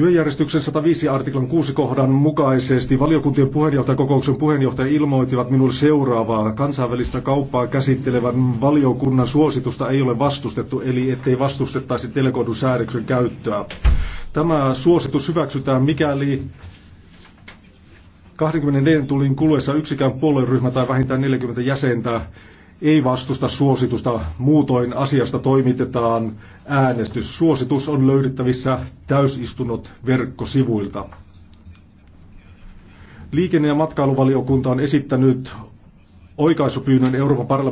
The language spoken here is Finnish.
Työjärjestyksen 105 artiklan 6 kohdan mukaisesti valiokuntien kokouksen puheenjohtaja ilmoittivat minulle seuraavaa. Kansainvälistä kauppaa käsittelevän valiokunnan suositusta ei ole vastustettu, eli ettei vastustettaisi delegoidun säädöksen käyttöä. Tämä suositus hyväksytään, mikäli 24 tulin kuluessa yksikään puolueryhmä tai vähintään 40 jäsentä ei vastusta suositusta. Muutoin asiasta toimitetaan äänestys. Suositus on löydettävissä täysistunnot verkkosivuilta. Liikenne- ja matkailuvaliokunta on esittänyt oikaisupyynnön Euroopan parlamentin